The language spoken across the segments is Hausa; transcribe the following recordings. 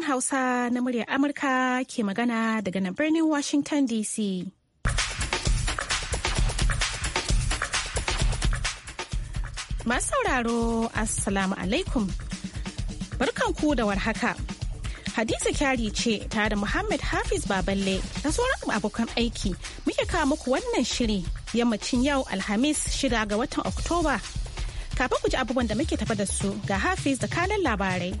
sashen Hausa na muryar Amurka ke magana daga nan birnin Washington DC. Masu sauraro, Assalamu alaikum. Barkanku da warhaka. Hadiza kyari ce tare da Muhammad Hafiz Baballe na sauran abokan aiki muke kawo muku wannan shiri yammacin yau Alhamis shida ga watan Oktoba. Kafin ku ji abubuwan da muke tafa da su ga Hafiz da kanan labarai.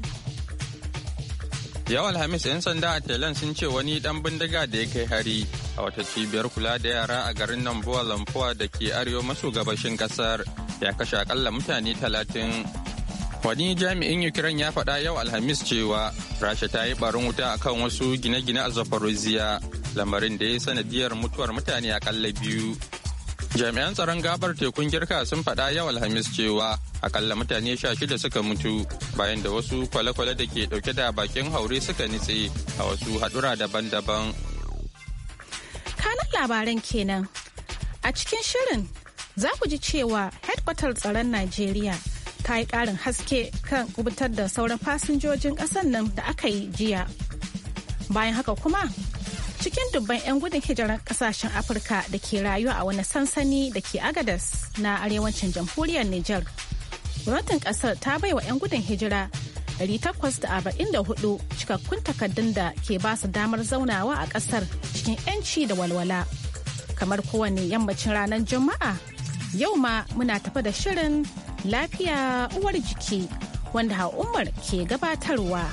Yau Alhamis 'yan sanda a Telan sun ce wani dan bindiga da ya kai hari a wata cibiyar kula da yara a garin buwa lamfuwa da ke arewa maso gabashin kasar ya kashe akalla mutane talatin. Wani jami'in Ukraine ya faɗa yau Alhamis cewa Rasha ta yi barin wuta akan wasu gine-gine a Zaporozhia lamarin da ya sanadiyar mutuwar mutane akalla biyu. jami'an tsaron gabar tekun girka sun faɗa yau alhamis cewa akalla mutane sha shida suka mutu bayan da wasu kwale-kwale da ke ɗauke da bakin haure suka nitse a wasu haɗura daban-daban kanan labaran kenan a cikin shirin za ku ji cewa headquarter tsaron najeriya ta yi ƙarin haske kan kubutar da sauran fasinjojin ƙasar nan da aka yi jiya bayan haka kuma cikin dubban 'yan gudun hijirar kasashen afirka da ke rayuwa a wani sansani da ke agadas na arewacin jamhuriyar niger gwamnatin kasar ta bai wa 'yan gudun hijira 844 cikakkun takaddun da ke ba su damar zaunawa a kasar cikin 'yanci da walwala kamar kowane yammacin ranar juma'a yau ma muna tafa da shirin lafiya uwar jiki wanda umar ke gabatarwa.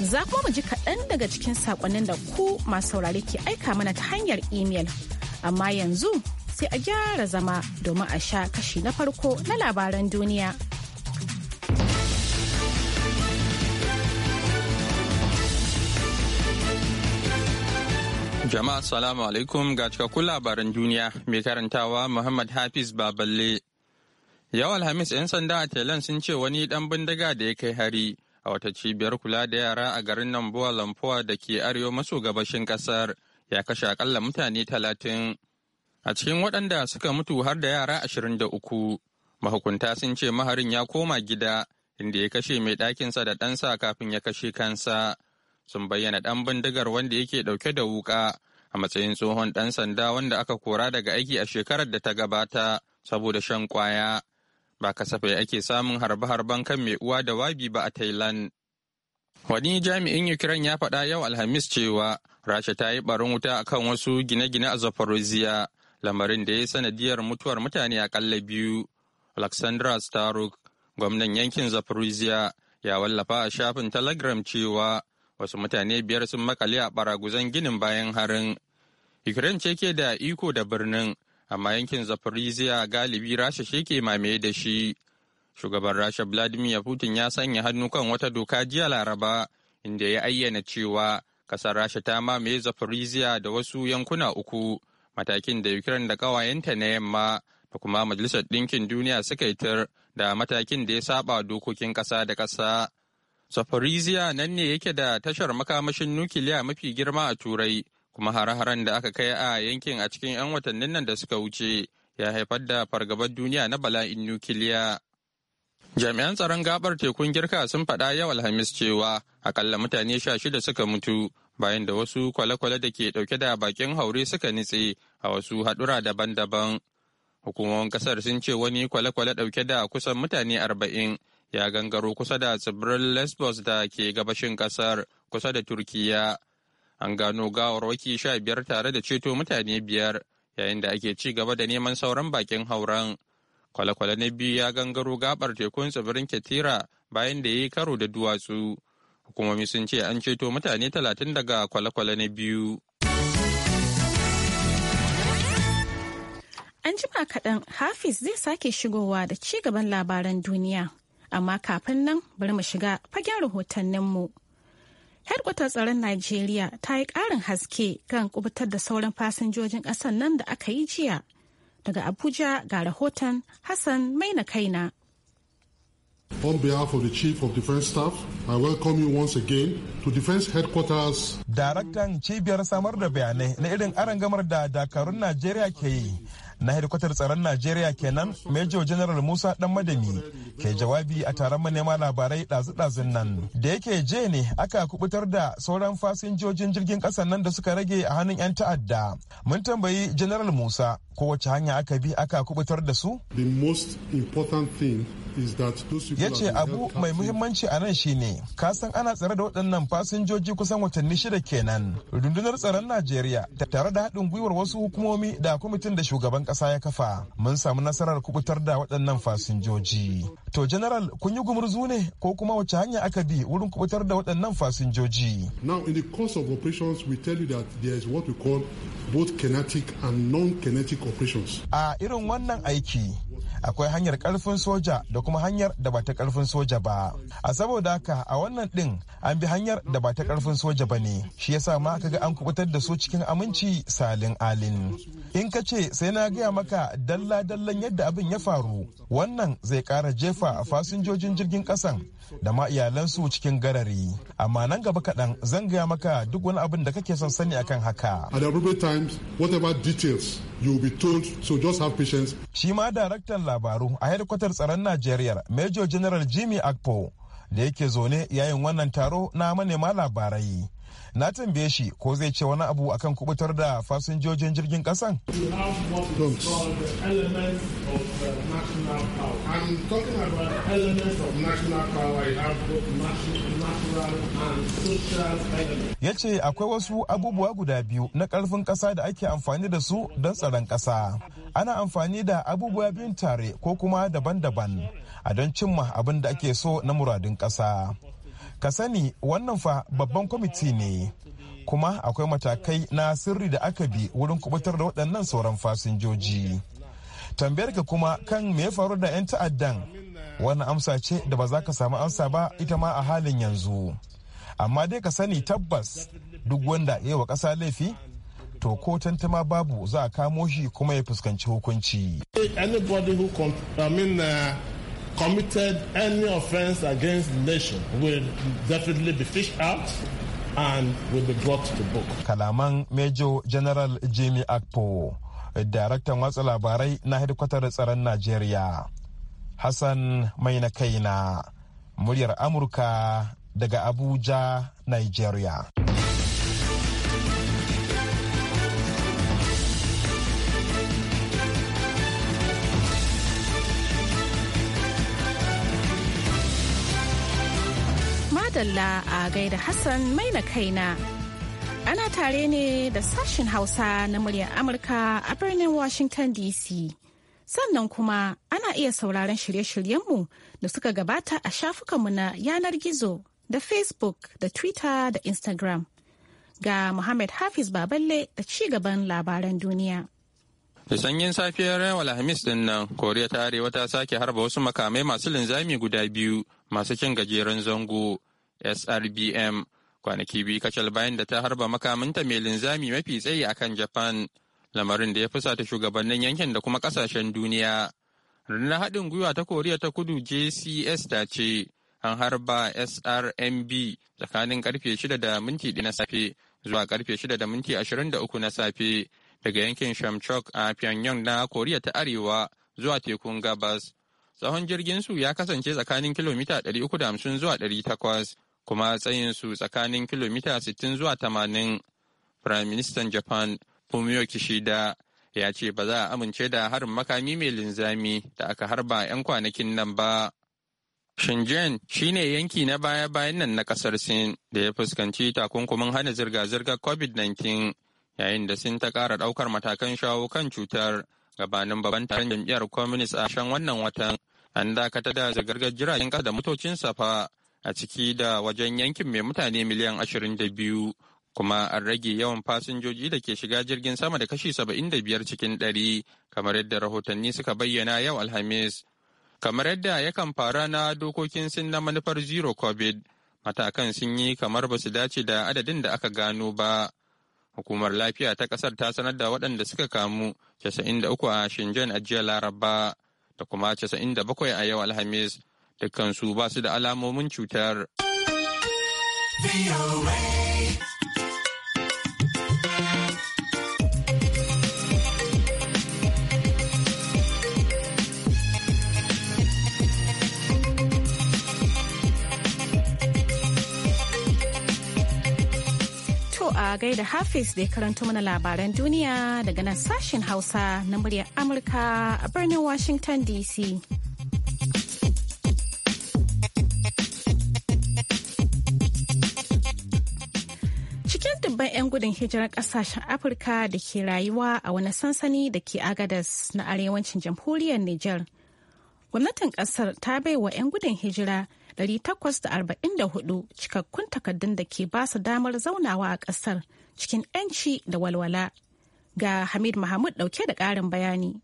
Za kuma mu ji kaɗan daga cikin saƙonnin da ku masu saurare ke aika mana ta hanyar imel. Amma yanzu sai a gyara zama domin a sha kashi na farko na labaran duniya. Jama'a salamu alaikum ga cikakkun labaran duniya mai karantawa Muhammad Hafiz Baballe. Yau Alhamis 'yan sanda a Telan sun ce wani ɗan bindiga da ya kai hari a wata cibiyar kula da yara a garin Namboa Lampoa da ke arewa maso gabashin kasar ya kashe akalla mutane talatin. A cikin waɗanda suka mutu har da yara ashirin da uku, mahukunta sun ce maharin ya koma gida inda ya kashe mai ɗakinsa da ɗansa kafin ya kashe kansa. Sun bayyana ɗan bindigar wanda yake ɗauke da wuƙa a matsayin tsohon ɗan sanda wanda aka kora daga aiki a shekarar da ta gabata saboda shan kwaya. ba kasafai ake samun harbe-harben kan mai uwa da wabi ba a Thailand. Wani jami'in Ukraine ya faɗa yau Alhamis cewa Rasha ta yi barin wuta akan wasu gine-gine a Zaporozhia, lamarin da ya sanadiyar mutuwar mutane a ƙalla biyu. Alexandra Staruk, gwamnan yankin Zaporozhia, ya wallafa a shafin Telegram cewa wasu mutane biyar sun makale a baraguzan ginin bayan harin. Ukraine ce ke da iko da birnin amma yankin Zaporizhia galibi Rasha shi ke mamaye da shi. Shugaban Rasha Vladimir Putin ya sanya hannu kan wata doka jiya Laraba inda ya ayyana cewa kasar Rasha ta mamaye Zaporizhia da wasu yankuna uku, matakin da Ukraine da kawayenta na yamma da kuma Majalisar Ɗinkin Duniya suka yi tar da matakin da ya saba dokokin ƙasa da ƙasa. Zaporizhia nan ne yake da tashar makamashin nukiliya mafi girma a Turai kuma hare-haren da aka kai a yankin a cikin 'yan watannin nan da suka wuce ya haifar da fargabar duniya na bala'in nukiliya. Jami'an tsaron gabar tekun girka sun faɗa yau Alhamis cewa akalla mutane sha shida suka mutu bayan da wasu kwale-kwale da ke ɗauke da bakin haure suka nitse a wasu haɗura daban-daban. Hukumomin kasar sun ce wani kwale-kwale ɗauke da kusan mutane arba'in ya gangaro kusa da tsibirin Lesbos da ke gabashin kasar kusa da Turkiya an gano gawarwaki sha biyar tare da ceto mutane biyar yayin da ake ci gaba da neman sauran bakin hauren kwale-kwale na biyu ya gangaro gabar tekun tsibirin ketira bayan da ya yi karo da duwatsu hukumomi sun ce an ceto mutane talatin daga kwale-kwale na biyu an ba kaɗan hafiz zai sake shigowa da ci gaban labaran duniya amma kafin nan bari mu shiga fagen rahotanninmu. mu Hedkwatar tsaron Najeriya ta yi ƙarin haske kan kubutar da sauran fasinjojin ƙasar nan da aka yi jiya. Daga Abuja ga rahoton Hassan Maina Kaina. On behalf of the Chief of Defense Staff, I welcome you once again to Defense Headquarters. Daraktan cibiyar samar da bayanai na irin arangamar da dakarun Najeriya ke yi na hedikwatar tsaron najeriya kenan major general musa dan madami ke jawabi a taron manema labarai ɗazu-ɗazun nan da yake je ne aka kubutar da sauran fasinjojin jirgin ƙasan nan da suka rage a hannun 'yan ta'adda mun tambayi general musa kowace hanya aka bi aka kubutar da su the most important thing ya ce abu mai muhimmanci a nan shine kasan ana tsare da waɗannan fasinjoji kusan watanni shida kenan rundunar tsaron najeriya tare da haɗin gwiwar wasu hukumomi da kwamitin da shugaban ƙasa ya kafa mun samu nasarar kubutar da waɗannan fasinjoji to general kun yi gumurzu ne ko kuma wace hanya aka bi wurin kubutar da waɗannan fasinjoji now in the course of operations we tell you that there is what we call both kinetic and non-kinetic operations a irin wannan aiki akwai hanyar karfin soja da kuma hanyar da ba ta karfin soja ba a saboda haka a wannan din an bi hanyar da ba ta karfin soja ba ne shi yasa ma kaga an kubutar da su cikin aminci salin alin in ka ce sai na gaya maka dalla dallan yadda abin ya faru wannan zai kara jefa fasinjojin jirgin kasan da ma iyalansu cikin garari amma nan gaba kaɗan zan gaya maka duk wani abin da kake son sani akan haka at appropriate times whatever details you be told so just have patience shi ma daraktan labaru a hedikwatar tsaron Najeriya Major General Jimmy Akpo da yake zaune yayin wannan taro na manema labarai. na tambaye shi ko zai ce wani abu akan kubutar da fasinjojin jirgin kasan ya ce akwai wasu abubuwa guda biyu na karfin kasa da ake amfani da su don tsaron kasa ana amfani da abubuwa biyun tare ko kuma daban-daban a don cimma abin da ake so na muradin kasa ka sani wannan fa babban kwamiti ne kuma akwai matakai na sirri da aka bi wurin kubutar da waɗannan sauran fasinjoji tambayar ka kuma kan me ya faru da 'yan ta'addan wannan amsa ce da ba za ka samu amsa ba ita ma a halin yanzu amma dai ka sani tabbas duk wanda ya wa ƙasa laifi to ko tantama babu za a kamo shi kuma ya fuskanci hukunci. committed any offense against the nation will definitely be fished out and will be brought to book. Kalaman Major General Jimmy Akpo, daraktan watsa labarai na hedikwatar tsaron Najeriya. Hassan mai na kaina, muryar Amurka daga Abuja, Nigeria. madalla a gaida Hassan mai na kaina. Ana tare ne da sashen Hausa na muryar Amurka a birnin Washington DC. Sannan kuma ana iya sauraron shirye-shiryenmu da suka gabata a shafukanmu na yanar gizo da Facebook da Twitter da Instagram. Ga Muhammad Hafiz Baballe da ci gaban labaran duniya. Da sanyin safiyar yau Alhamis din nan, Koriya ta Arewa ta sake harba wasu makamai masu linzami guda biyu masu cin gajeren zango SRBM kwanaki biyu kacal bayan da ta harba makaminta mai linzami mafi tsayi akan Japan lamarin da ya fusata shugabannin yankin da kuma kasashen duniya. Rundunar haɗin gwiwa ta Koriya ta Kudu JCS ta ce an harba SRMB tsakanin karfe 6 da minti na safe zuwa karfe 6 da minti 23 na safe daga yankin Shamchok a Pyongyang na Koriya ta Arewa zuwa tekun gabas. Tsawon jirgin su ya kasance tsakanin kilomita 350 zuwa 800 kuma tsayinsu tsakanin kilomita 60 zuwa 80. Prime Minister Japan Fumio Kishida ya ce ba za a amince da harin makami mai linzami da aka harba 'yan kwanakin nan ba. Shenzhen shine yanki na baya-bayan nan na kasar Sin da ya fuskanci takunkumin hana zirga-zirgar COVID-19 yayin da Sin ta kara ɗaukar matakan shawo kan cutar gabanin babban taron jam'iyyar Communist a shan wannan watan. An dakatar da zirga-zirgar jiragen ƙasa da motocin safa a ciki da wajen yankin mai mutane miliyan 22 kuma an rage yawan fasinjoji da ke shiga jirgin sama da kashi 75 cikin 100 kamar yadda rahotanni suka bayyana yau alhamis kamar yadda yakan fara na dokokin sin na manufar zero covid matakan sun yi kamar ba su dace da adadin da aka gano ba hukumar lafiya ta kasar ta sanar da waɗanda suka kamu 93 a shenzhen a jiya laraba da kuma 97 a yau alhamis da kansu ba su da alamomin cutar. a gaida Hafiz da ya karanto mana labaran duniya daga nan sashen Hausa na muryar Amurka a birnin Washington DC. gudun hijirar kasashen Afirka da ke rayuwa a wani sansani da ke Agadas na arewacin jamhuriyar Niger Gwamnatin kasar ta bai wa 'yan gudun hijira 844 cikakkun takardun da ke ba su damar zaunawa a kasar cikin 'yanci da walwala. Ga Hamid Mahmud dauke da ƙarin bayani.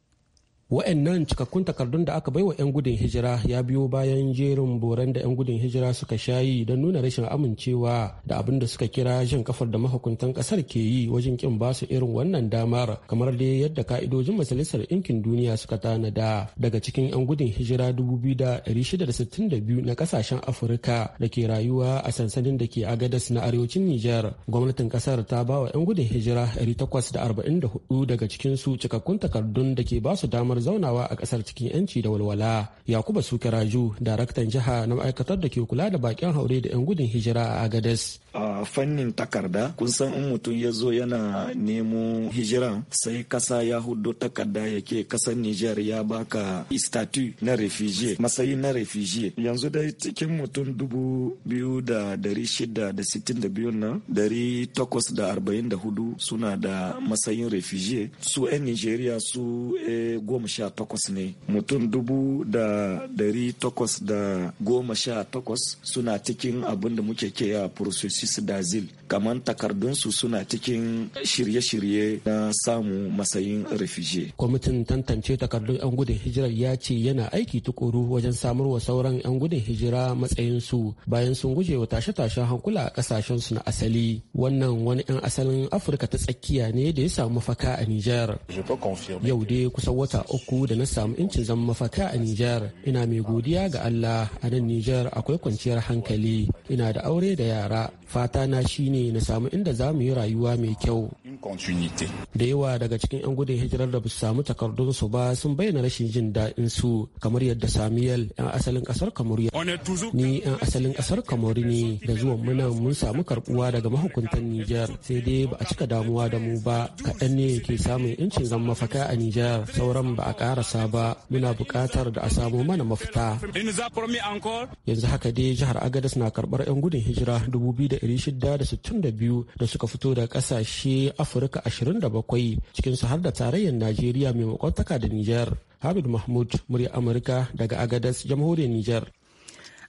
Wa'annan cikakkun takardun da aka baiwa 'yan gudun hijira ya biyo bayan jerin boran da 'yan gudun hijira suka shayi don nuna rashin amincewa da abin da suka kira jin kafar da mahukuntan kasar ke yi wajen kin ba su irin wannan damar kamar dai yadda ka'idojin majalisar ɗinkin duniya suka tanada daga cikin 'yan gudun hijira 2,662 na kasashen afirka da ke rayuwa a sansanin da ke agadas na arewacin nijar gwamnatin ƙasar ta ba wa 'yan gudun hijira 844 daga cikinsu cikakkun takardun da ke ba su damar damar zaunawa a kasar cikin yanci da walwala yakuba suke sukaraju daraktan jiha na ma'aikatar da ke kula da bakin haure da 'yan gudun hijira a agades a fannin takarda kun san in mutum ya zo yana nemo hijira sai kasa ya hudu takarda yake kasar niger ya baka istatu na refugee matsayi na refugee yanzu dai cikin mutum dubu biyu da dari shida da sittin da biyun nan dari takwas da arba'in da hudu suna da matsayin refugee su 'yan nigeria su eh, goma goma sha takwas ne mutum dubu da dari takwas da goma sha takwas suna cikin abin da muke keya processus dazil kamar takardunsu suna cikin shirye-shirye na samu masayin refugee. kwamitin tantance takardun 'yan gudun hijirar ya ce yana aiki tukuru wajen samarwa sauran 'yan gudun hijira matsayinsu bayan sun guje wa tashe-tashen hankula a kasashensu na asali wannan wani 'yan asalin afirka ta tsakiya ne da ya samu mafaka a nijar yau dai kusan wata uku da na samu incin zama mafaka a Nijar. Ina mai godiya ga Allah a nan Nijar akwai kwanciyar hankali. Ina da aure da yara. Fata na shine na samu inda za mu yi rayuwa mai kyau. Da yawa daga cikin 'yan gudun hijirar da basu samu samu takardunsu ba sun bayyana rashin jin daɗin su kamar yadda Samuel 'yan asalin ƙasar Kamaru ni 'yan asalin ƙasar Kamaru ne da zuwa muna mun samu karbuwa daga mahukuntan Nijar sai dai ba a cika damuwa da mu ba kaɗan ne ke samun 'yancin zama mafaka a Nijar sauran ba a ƙarasa ba muna buƙatar da a samo mana mafita. Yanzu haka dai jihar Agadas na karɓar 'yan gudun hijira 2,662 da suka fito da ƙasashe Afirka afirka 27 cikinsu har da tarayyar najeriya mai makwabtaka da nijar hamid mahmud murya amurka daga agadas jamhuriyar nijar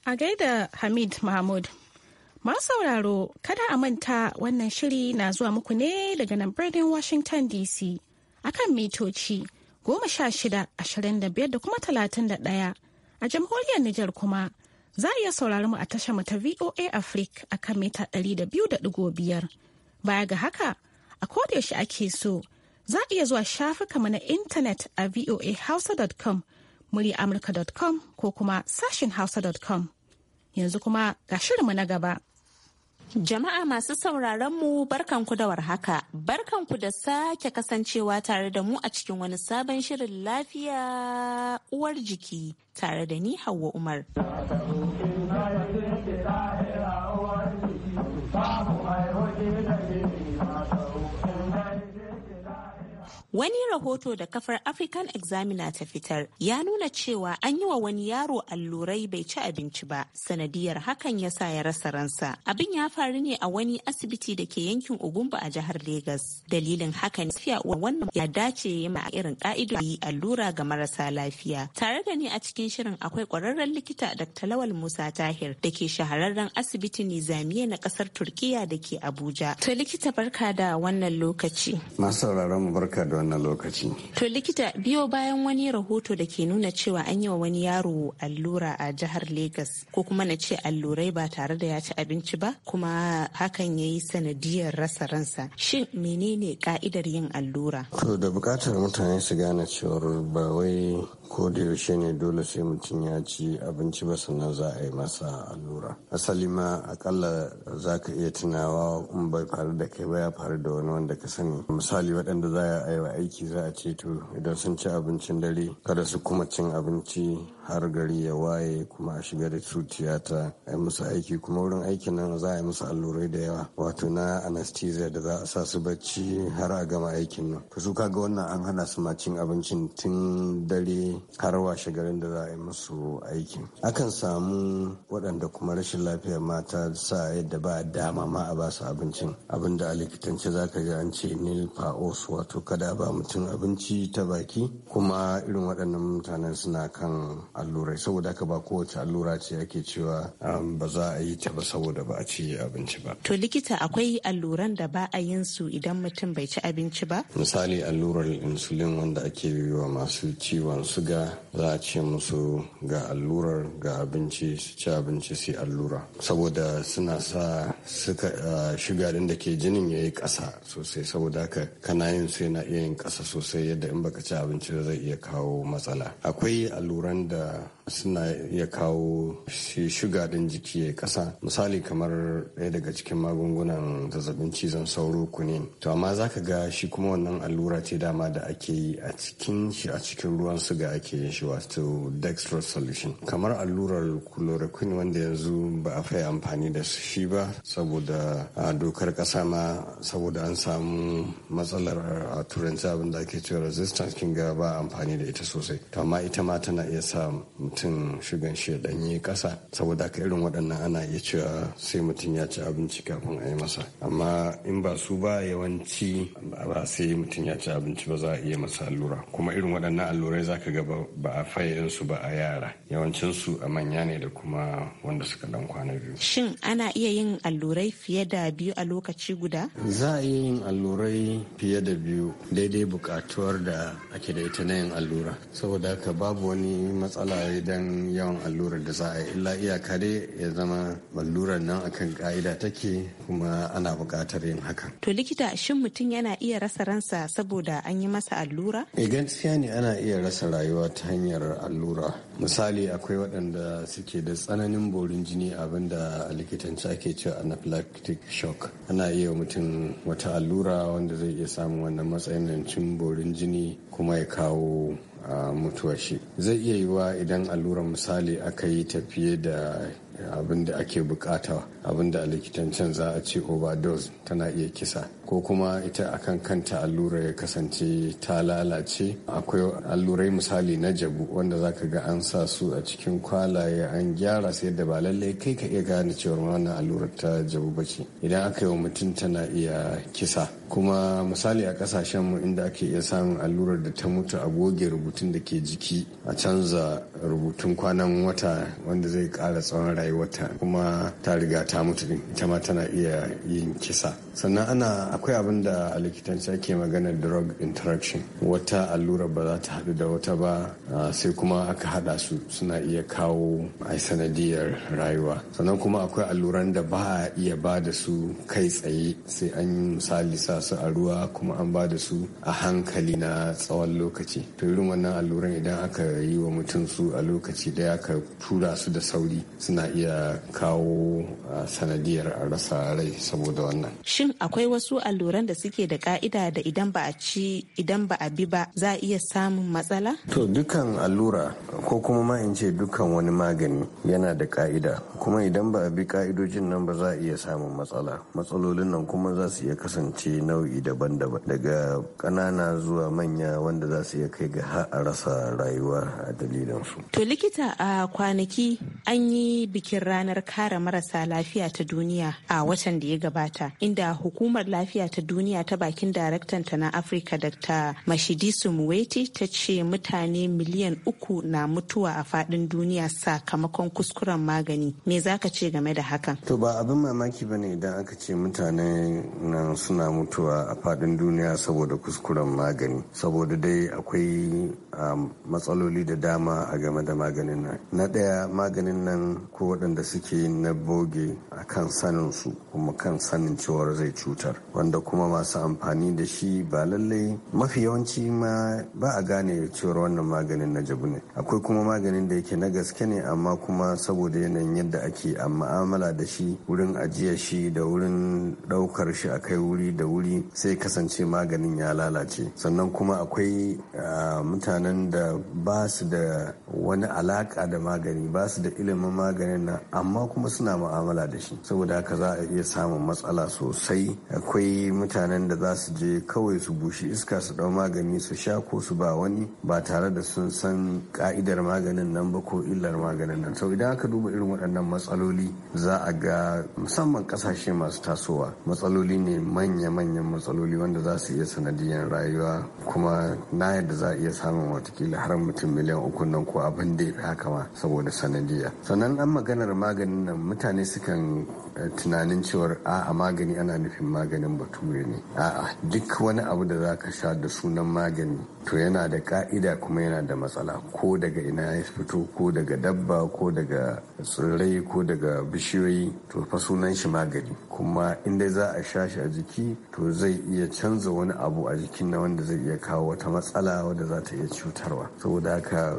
a gaida hamid mahmud masu sauraro kada a manta wannan shiri na zuwa muku ne daga nan birnin washington dc akan mitoci goma sha shida ashirin da kuma talatin da ɗaya a jamhuriyar nijar kuma za a iya saurari mu a tashar mu ta VOA Africa a kan mita 200.5. Baya ga haka, a yaushe ake so za a iya zuwa shafuka na intanet a voahausa.com muryaamurka.com ko kuma sashin hausa.com yanzu kuma ga shirinmu na gaba. Jama'a masu sauraron mu barkanku da warhaka, barkanku da sake kasancewa tare da mu a cikin wani sabon shirin lafiya uwar jiki tare da ni hawa Umar. Wani rahoto da kafar African Examiner ta fitar ya nuna cewa an yi wa wani yaro allurai bai ci abinci ba, sanadiyar hakan ya sa ya rasa ransa. Abin ya faru ne a wani asibiti da ke yankin ogunba a jihar Legas. Dalilin hakan wa wannan ya dace ya ma irin yi allura ga marasa lafiya. Tare da ni a cikin shirin akwai kwararren likita Dr. Lawal Musa Tahir da ke shahararren asibitin Nizamiya na ƙasar Turkiya da ke Abuja. To likita barka da wannan lokaci. Masu sauraron mu barka da wannan lokaci. To likita biyo bayan wani rahoto da ke nuna cewa an yi wa wani yaro allura a jihar Legas ko kuma na ce allurai ba tare da ya ci abinci ba kuma hakan ya yi sanadiyar rasa ransa. Shin menene ka'idar yin allura? To da bukatar mutane su gane cewar ba wai ko da yaushe ne dole sai mutum ya ci abinci ba sannan za a yi masa allura asali ma akalla za ka iya tunawa in bai faru da kai ba ya faru da wani wanda ka sani misali waɗanda za a yi wa aiki za a ce to idan sun ci abincin dare kada su kuma cin abinci har gari ya waye kuma a shiga da su tiyata a yi musu aiki kuma wurin aikin nan za a yi musu allurai da yawa wato na anesthesia da za a sa su bacci har a gama aikin nan to su kaga wannan an hana su ma cin abincin tun dare har washe garin da za a yi musu aikin akan samu waɗanda kuma rashin lafiyar mata sa yadda ba dama ma a basu abincin abinda a likitance za ka ji an ce nil paos wato kada ba mutum abinci ta baki kuma irin waɗannan mutanen suna kan allurai saboda haka ba kowace allura ce ake cewa um, ba za a yi ta ba saboda ba a ci abinci ba to likita akwai alluran da ba a yin su idan mutum bai ci abinci ba misali allurar insulin wanda ake yi wa masu ciwon suga riga za a ce musu ga allurar ga abinci su ci abinci su allura saboda suna sa suka shiga din da ke jinin ya yi ƙasa sosai saboda haka kana yin su yana iya yin ƙasa sosai yadda in baka ci abinci zai iya kawo matsala akwai alluran da suna iya kawo shi shuga din jiki ya kasa misali kamar ɗaya daga cikin magungunan zazzabin cizon sauro kunin to amma zaka ga shi kuma wannan allura ce dama da ake yi a cikin shi a cikin ruwan suga ake yin shi wato dextrose solution kamar allurar chloroquine wanda yanzu ba a fai amfani da shi ba saboda a dokar kasa ma saboda an samu matsalar a turanci abin da ake cewa resistance kin ga ba amfani da ita sosai to amma ita ma tana iya sa mutum shugan shi ya danyi kasa saboda ka irin waɗannan ana iya cewa sai mutum ya ci abinci kafin a yi masa amma in ba su ba yawanci ba sai mutum ya ci abinci ba za a iya masa allura kuma irin waɗannan allurai za ka ga ba a fayin su ba a yara yawancin su a manya ne da kuma wanda suka dan kwana biyu shin ana iya yin allurai fiye da biyu a lokaci guda za a iya yin allurai fiye da biyu daidai bukatuwar da ake da ita na yin allura saboda haka babu wani matsala Idan yawan allurar da za a yi illa iyaka dai ya zama allurar nan akan ka'ida take kuma ana buƙatar yin haka to likita shin mutum yana iya rasa ransa saboda an yi masa allura e gaskiya ne ana iya rasa rayuwa ta hanyar allura misali akwai waɗanda suke da tsananin borin jini abinda a likitanci ake cewa anaphylactic shock ana iya mutum wata allura wanda zai iya samun wannan matsanancin borin jini kuma ya kawo ah, mutuwar shi zai iya yiwa idan allurar misali aka yi tafiye da abin da ake bukata abin da a likitancen za a ce overdose tana iya kisa ko kuma ita akan kanta allura ya kasance ta lalace akwai allurai misali na jabu wanda zaka ga an sa su a cikin kwalaye an gyara sai da ba lallai kai ka iya gane cewar wannan allurar ta jabu ba ce idan aka yi wa mutum tana iya kisa kuma misali a kasashenmu inda ake iya samun allurar da ta mutu a goge rubutun da ke jiki a canza rubutun kwanan wata wanda zai kara tsawon rayuwarta kuma ta riga ta mutu din ita ma tana iya yin kisa sannan ana akwai abin da a likitanci ake magana drug interaction wata allurar ba za ta haɗu da wata ba sai kuma aka haɗa su suna iya kawo a sanadiyar rayuwa sannan kuma akwai alluran da ba a iya ba da su kai tsaye sai an yi misali sa su a ruwa kuma an ba da su a hankali na tsawon lokaci to irin wannan alluran idan aka yi wa mutum su a lokaci daya ka tura su da sauri suna iya kawo sanadiyar a rasa rai saboda wannan shin akwai wasu alluran da suke da ka'ida da idan ba a ci idan ba a bi ba za a iya samun matsala to dukan allura ko kuma ma in ce dukan wani magani yana da ka'ida kuma idan ba a bi ka'idojin nan ba za a iya samun matsala matsalolin nan kuma za su iya kasance nau'i daban-daban daga ƙanana zuwa manya wanda za su iya kai ga har a rasa rayuwa a dalilin su. To likita a kwanaki an yi bikin ranar kare marasa lafiya ta duniya a watan da ya gabata inda hukumar lafiya ta duniya ta bakin daraktan ta na Afirka Dr. mashidisu Sumuweti ta ce mutane miliyan uku na mutuwa a faɗin duniya sakamakon kuskuren magani. Me za ka ce game da hakan? To ba abin mamaki ba ne idan aka ce mutane nan suna mutu. mutuwa a faɗin duniya saboda kuskuren magani saboda dai akwai matsaloli da dama a game da maganin nan na ɗaya maganin nan ko waɗanda suke na boge a kan sanin su kuma kan sanin cewar zai cutar wanda kuma masu amfani da shi ba lallai mafi yawanci ma ba a gane cewar wannan maganin na jabu ne akwai kuma maganin da yake na gaske ne amma kuma saboda yanayin yadda ake a mu'amala da shi wurin ajiya shi da wurin ɗaukar shi a kai wuri da wuri wuri sai kasance maganin ya lalace sannan kuma akwai ah, mutanen da ba su da wani alaka da magani ba su da ilimin maganin nan amma kuma suna mu'amala da shi saboda haka za a iya samun matsala sosai akwai mutanen da za su je kawai su bushi iska su dau magani su sha ko su ba wani ba tare da sun san ka'idar maganin nan ba ko illar maganin nan sau idan aka duba irin waɗannan matsaloli za a ga musamman ƙasashe masu tasowa matsaloli ne manya-manya manyan matsaloli wanda za su iya sanadiyan rayuwa kuma na yadda za a iya samun watakila har mutum miliyan uku nan ko abin da ya fi haka ma saboda sanadiya sannan an maganar maganin nan mutane sukan tunanin cewar a'a magani ana nufin maganin bature ne a'a duk wani abu da za ka sha da sunan magani to yana da ka'ida kuma yana da matsala ko daga ina ya fito ko daga dabba ko daga tsirrai ko daga bishiyoyi to fa sunan shi magani kuma inda za a sha shi a jiki to zai iya canza wani abu a jikin na wanda zai iya kawo wata matsala wadda za ta iya cutarwa saboda haka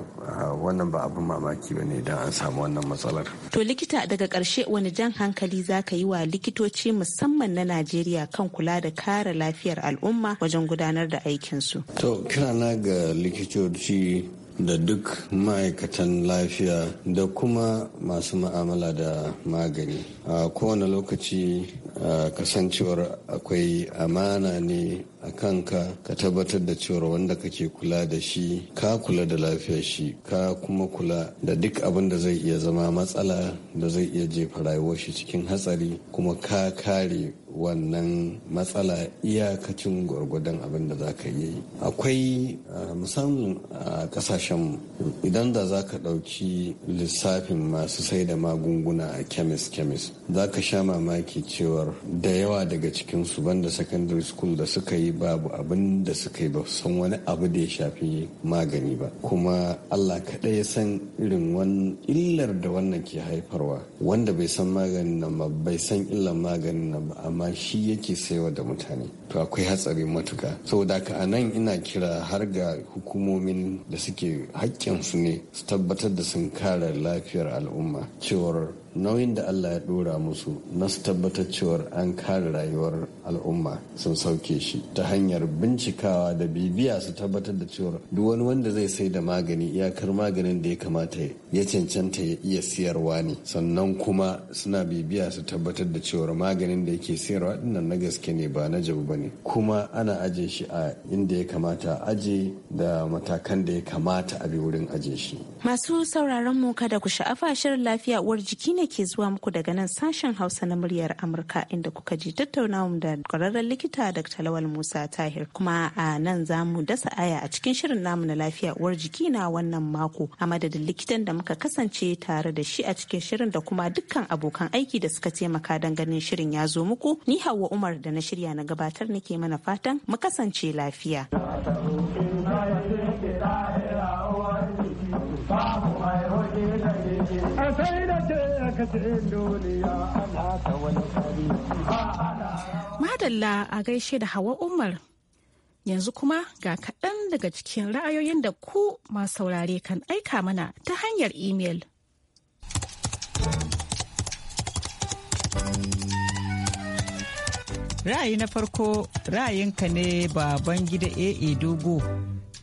wannan ba abin mamaki ba ne idan an samu wannan matsalar to likita daga ƙarshe wani jan hankali za ka yi wa likitoci musamman na Najeriya kan kula da kare lafiyar al'umma wajen gudanar da aikinsu? To, kira na ga likitoci da duk ma'aikatan lafiya da kuma masu ma'amala da magani a kowane lokaci a kasancewar akwai amana ne a kanka ka tabbatar da cewar wanda kake kula da shi ka kula da lafiyar shi ka kuma kula da duk abin da zai iya zama matsala da zai iya jefa rayuwar shi cikin hatsari kuma ka kare wannan matsala iyakacin gwargwadon abin da za ka yi akwai ah, musamman a kasashen idan da za ka ɗauki lissafin masu sai da magunguna a kemis kemis za ka sha mamaki cewar da yawa daga cikinsu banda secondary school da suka yi babu abin da suka yi ba san wani abu da ya shafi magani ba kuma allah kaɗai ya san irin wani illar da wannan ke haifarwa wanda bai san maganin nan ba bai san illar maganin nan ba amma shi yake saiwa da mutane to akwai hatsari matuka saboda haka a nan ina kira har ga hukumomin da suke haƙƙinsu ne su tabbatar da sun kare lafiyar al'umma cewar nauyin da allah ya ɗora musu na su tabbatar cewar an kare rayuwar al'umma sun sauke shi ta hanyar bincikawa da bibiya su tabbatar da cewar duk wani wanda zai sai da magani iyakar maganin da ya kamata ya cancanta ya iya siyarwa ne sannan kuma suna bibiya su tabbatar da cewar maganin da yake siyarwa dinnan na gaske ne ba na jabu bane kuma ana aje shi a inda ya kamata aje da matakan da ya kamata a bi wurin aje shi masu sauraron mu kada ku sha'afa shirin lafiya uwar jiki ne ke zuwa muku daga nan sashen Hausa na muryar Amurka inda kuka ji tattaunawa da kwararren likita Dr. Lawal Musa Tahir. Kuma a nan za mu dasa aya a cikin shirin namu na lafiya uwar jiki na wannan mako a madadin likitan da muka kasance tare da shi a cikin shirin da kuma dukkan abokan aiki da suka taimaka don ganin shirin ya zo muku. Ni Hauwa Umar da na shirya na gabatar nake mana fatan mu kasance lafiya. Madalla a gaishe da Hawa Umar. Yanzu kuma ga kaɗan daga cikin ra'ayoyin da ku masu saurare kan aika mana ta hanyar imel. Ra'ayi na farko ra'ayinka ne baban gida AA e Dogo.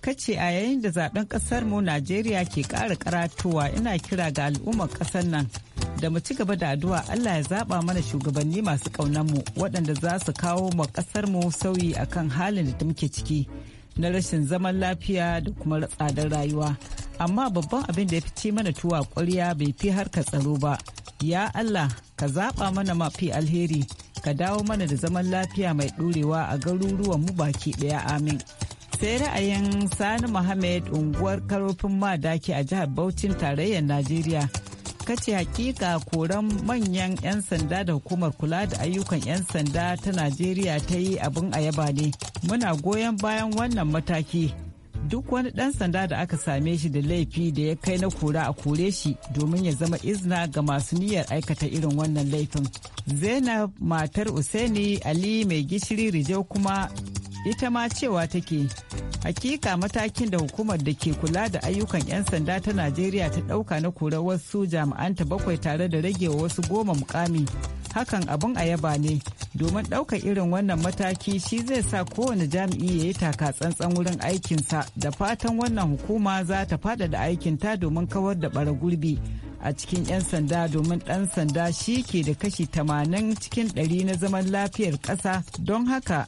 kace a yayin da zaben kasar mu Najeriya ke ƙara karatuwa ina kira ga al'ummar kasar nan da mu ci gaba da addu'a Allah ya zaba mana shugabanni masu mu waɗanda za su kawo ma ƙasar mu sauyi akan halin da ta muke ciki na rashin zaman lafiya da kuma tsadar rayuwa. Amma babban abin da ya fi mana tuwa ƙwarya bai fi harka tsaro ba. Ya Allah ka zaba mana mafi alheri ka dawo mana da zaman lafiya mai ɗorewa a garuruwan mu baki ɗaya amin. sai ra'ayin sani muhammad unguwar karofin madaki a jihar Bauchin tarayyar najeriya ce hakika koran manyan 'yan sanda da hukumar kula da ayyukan 'yan sanda ta najeriya ta yi abin ayaba ne muna goyon bayan wannan mataki duk wani ɗan sanda da aka same shi da laifi da ya kai na kura a kore shi domin ya zama izina ga masu niyyar aikata irin wannan laifin zainab matar usaini ali mai gishiri rijau kuma ita ma cewa take hakika matakin da hukumar da ke kula da ayyukan 'yan sanda ta najeriya ta ɗauka na kura wasu jami'anta bakwai tare da rage wasu goma mukami hakan abin a yaba ne domin ɗaukar irin wannan mataki shi zai sa kowane jami'i ya yi taka tsantsan wurin aikinsa da fatan wannan hukuma za ta faɗaɗa aikinta domin kawar da bara gurbi a cikin 'yan sanda domin ɗan sanda shi ke da kashi 80 cikin 100 na zaman lafiyar ƙasa don haka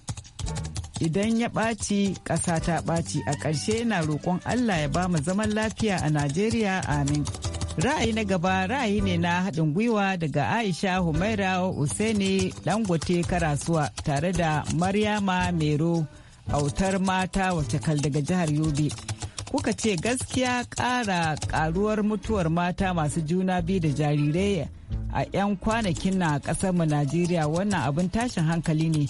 idan ya ɓaci ƙasa ta ɓaci a ƙarshe yana roƙon allah ya ba mu zaman lafiya a najeriya amin ra'ayi na gaba ra'ayi ne na haɗin gwiwa daga aisha humaira usaini dangote karasuwa tare da maryama mero autar mata wace kal daga jihar yobe kuka ce gaskiya ƙara ƙaruwar mutuwar mata masu juna biyu da jarirai a 'yan kwanakin na ƙasarmu Najeriya wannan abin tashin hankali ne.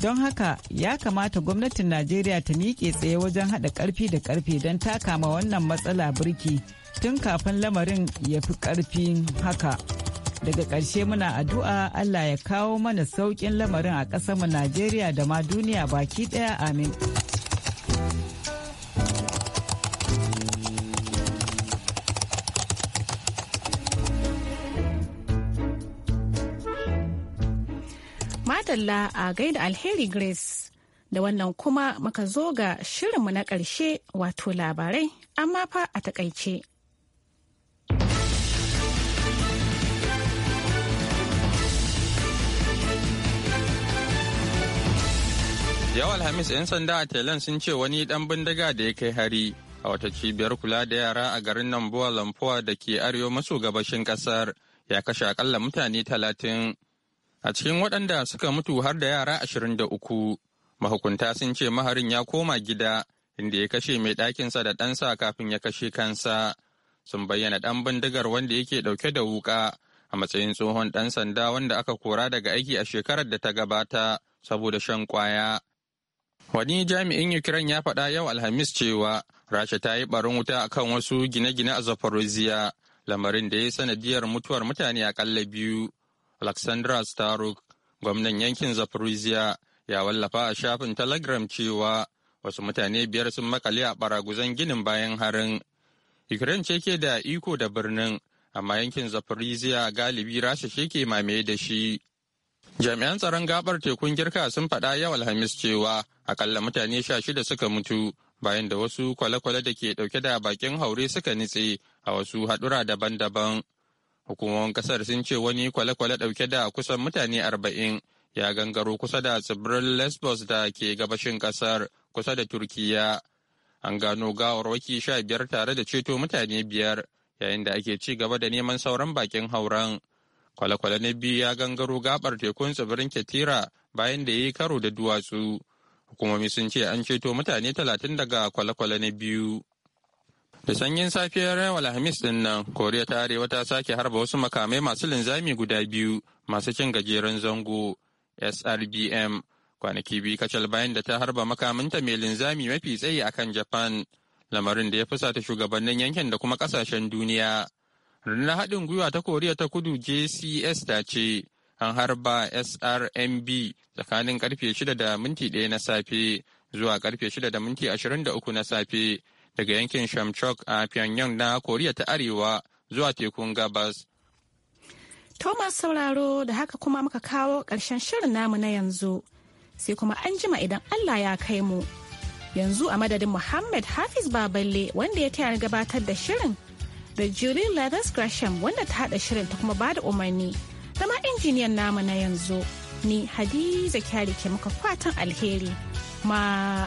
Don haka ya kamata gwamnatin Najeriya ta miƙe tsaye wajen haɗa ƙarfi da ƙarfe don takama wannan matsala birki tun kafin lamarin ya fi ƙarfin haka. Daga ƙarshe muna addu'a Allah ya kawo mana sauƙin lamarin a ƙasarmu Najeriya da ma duniya baki ɗaya amin. matalla a gaida alheri Grace. Da wannan kuma muka zo ga shirinmu na ƙarshe wato labarai amma fa a takaice. Yau Alhamis 'yan sanda a Telan sun ce wani ɗan bindiga da ya kai hari a wata cibiyar kula da yara a garin Nambuwa Lampoa da ke arewa maso gabashin ƙasar ya kashe akalla mutane talatin. A cikin waɗanda suka mutu har da yara ashirin da uku, mahukunta sun ce maharin ya koma gida inda ya kashe mai ɗakinsa da ɗansa kafin ya kashe kansa. Sun bayyana ɗan bindigar wanda yake ɗauke da wuƙa a matsayin tsohon ɗan sanda wanda aka kora daga aiki a shekarar da ta gabata saboda shan kwaya. Wani jami'in Ukraine ya faɗa yau Alhamis cewa Rasha ta yi barin wuta akan wasu gine-gine a Zaporozhia, lamarin da ya sanadiyar mutuwar mutane akalla biyu. alexandra staruk gwamnan yankin zaporizhia ya wallafa a shafin telegram cewa wasu mutane biyar sun makale a baraguzan ginin bayan harin ukraine ce ke da iko da birnin amma yankin zaporizhia galibi rasha ce ke mamaye da shi jami'an tsaron gabar tekun girka sun faɗa yau alhamis cewa akalla mutane sha shida suka mutu bayan da wasu kwale-kwale da ke ɗauke da bakin haure suka nitse a wasu haɗura daban-daban Hukumomin kasar sun ce wani kwale-kwale dauke da kusan mutane arba'in ya gangaro kusa da tsibirin Lesbos da ke gabashin kasar kusa da Turkiya. An gano gawarwaki sha biyar tare da ceto mutane biyar yayin da ake ci gaba da neman sauran bakin hauren. Kwale-kwale na biyu ya gangaro gabar tekun tsibirin Ketira bayan da ya yi karo da duwatsu. Hukumomi sun ce an ceto mutane talatin daga kwale-kwale na biyu. Da sanyin safiyar yau Alhamis din nan, Koriya ta Arewa ta sake harba wasu makamai masu linzami guda biyu masu cin gajeren zango SRBM kwanaki biyu kacal bayan da ta harba makaminta mai linzami mafi tsayi a kan Japan, lamarin da ya fusata shugabannin yankin da kuma kasashen duniya. Rundunar haɗin gwiwa ta Koriya ta Kudu JCS ta ce an harba SRMB tsakanin karfe shida da minti ɗaya na safe zuwa karfe shida da minti ashirin da uku na safe daga yankin Shamchok a Pyongyang na Koriya ta Arewa zuwa tekun gabas. Thomas sauraro da haka kuma muka kawo ƙarshen shirin namu na yanzu sai kuma an jima idan Allah ya kai mu. Yanzu a madadin Muhammad Hafiz Baballe wanda ya taya gabatar da shirin da Julie Leathers Gresham wanda ta haɗa shirin ta kuma bada umarni zama injiniyan namu na yanzu ni Hadiza Kyari ke muka fatan alheri ma